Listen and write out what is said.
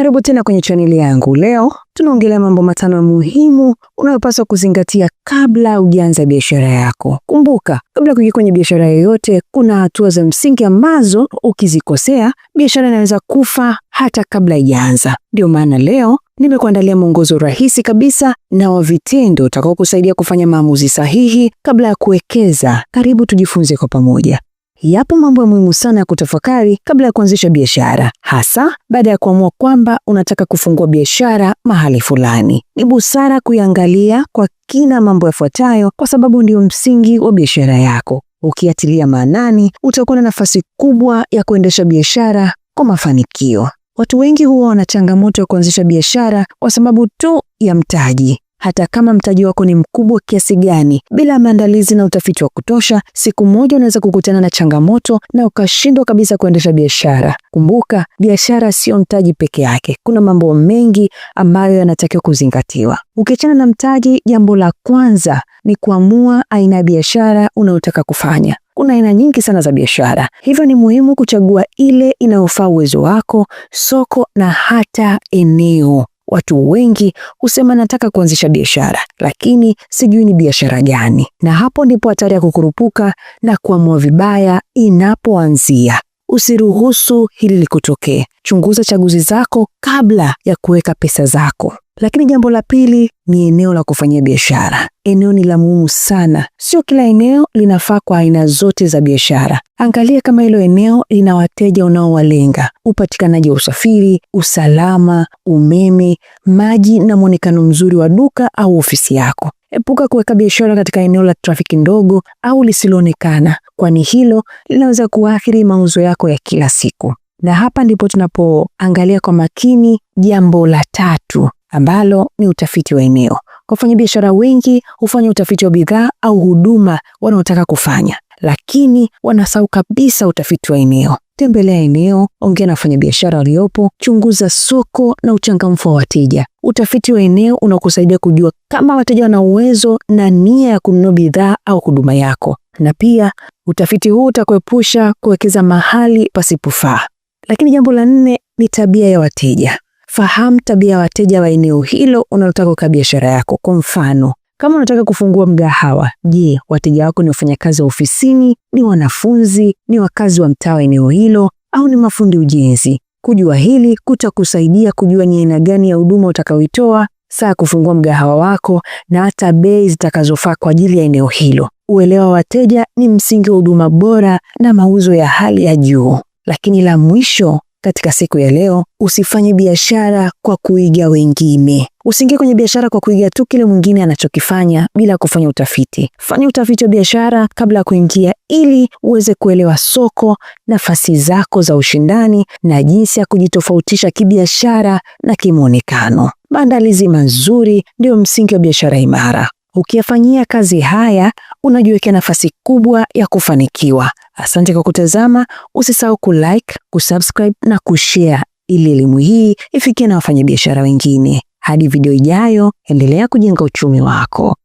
Karibu tena kwenye chaneli yangu. Leo tunaongelea mambo matano muhimu unayopaswa kuzingatia kabla hujaanza biashara yako. Kumbuka, kabla kuingia kwenye biashara yoyote, kuna hatua za msingi ambazo ukizikosea, biashara inaweza kufa hata kabla haijaanza. Ndio maana leo nimekuandalia mwongozo rahisi kabisa na wa vitendo utakaokusaidia kufanya maamuzi sahihi kabla ya kuwekeza. Karibu tujifunze kwa pamoja. Yapo mambo muhimu sana ya kutafakari kabla ya kuanzisha biashara, hasa baada ya kuamua kwamba unataka kufungua biashara mahali fulani. Ni busara kuiangalia kwa kina mambo yafuatayo, kwa sababu ndio msingi wa biashara yako. Ukiatilia maanani, utakuwa na nafasi kubwa ya kuendesha biashara kwa mafanikio. Watu wengi huwa wana changamoto ya kuanzisha biashara kwa sababu tu ya mtaji hata kama mtaji wako ni mkubwa kiasi gani. Bila maandalizi na utafiti wa kutosha, siku moja unaweza kukutana na changamoto na ukashindwa kabisa kuendesha biashara. Kumbuka, biashara sio mtaji peke yake, kuna mambo mengi ambayo yanatakiwa kuzingatiwa. Ukiachana na mtaji, jambo la kwanza ni kuamua aina ya biashara unayotaka kufanya. Kuna aina nyingi sana za biashara, hivyo ni muhimu kuchagua ile inayofaa uwezo wako, soko na hata eneo. Watu wengi husema nataka kuanzisha biashara, lakini sijui ni biashara gani, na hapo ndipo hatari ya kukurupuka na kuamua vibaya inapoanzia. Usiruhusu hili likutokee. Chunguza chaguzi zako kabla ya kuweka pesa zako. Lakini jambo la pili ni eneo la kufanyia biashara. Eneo ni la muhimu sana, sio kila eneo linafaa kwa aina zote za biashara. Angalia kama hilo eneo lina wateja unaowalenga, upatikanaji wa usafiri, usalama, umeme, maji na mwonekano mzuri wa duka au ofisi yako. Epuka kuweka biashara katika eneo la trafiki ndogo au lisiloonekana, kwani hilo linaweza kuathiri mauzo yako ya kila siku. Na hapa ndipo tunapoangalia kwa makini jambo la tatu ambalo ni utafiti wa eneo. Wafanyabiashara wengi hufanya utafiti wa bidhaa au huduma wanaotaka kufanya, lakini wanasahau kabisa utafiti wa eneo. Tembelea eneo, ongea na wafanyabiashara waliopo, chunguza soko na uchangamfu wa wateja. Utafiti wa eneo unakusaidia kujua kama wateja wana uwezo na nia ya kununua bidhaa au huduma yako, na pia utafiti huu utakuepusha kuwekeza mahali pasipofaa. Lakini jambo la nne ni tabia ya wateja fahamu tabia ya wateja wa eneo hilo unalotaka kwa biashara yako. Kwa mfano, kama unataka kufungua mgahawa, je, wateja wako ni wafanyakazi wa ofisini, ni wanafunzi, ni wakazi wa mtaa wa eneo hilo, au ni mafundi ujenzi? Kujua hili kutakusaidia kujua ni aina gani ya huduma utakayoitoa saa ya kufungua mgahawa wako na hata bei zitakazofaa kwa ajili ya eneo hilo. Uelewa wateja ni msingi wa huduma bora na mauzo ya hali ya juu. Lakini la mwisho katika siku ya leo, usifanye biashara kwa kuiga wengine. Usiingie kwenye biashara kwa kuiga tu kile mwingine anachokifanya bila kufanya utafiti. Fanya utafiti wa biashara kabla ya kuingia, ili uweze kuelewa soko, nafasi zako za ushindani na jinsi ya kujitofautisha kibiashara na kimwonekano. Maandalizi mazuri ndiyo msingi wa biashara imara. Ukiyafanyia kazi haya, unajiwekea nafasi kubwa ya kufanikiwa. Asante kwa kutazama, usisahau kulike, kusubscribe na kushare ili elimu hii ifikie na wafanyabiashara wengine. Hadi video ijayo, endelea kujenga uchumi wako.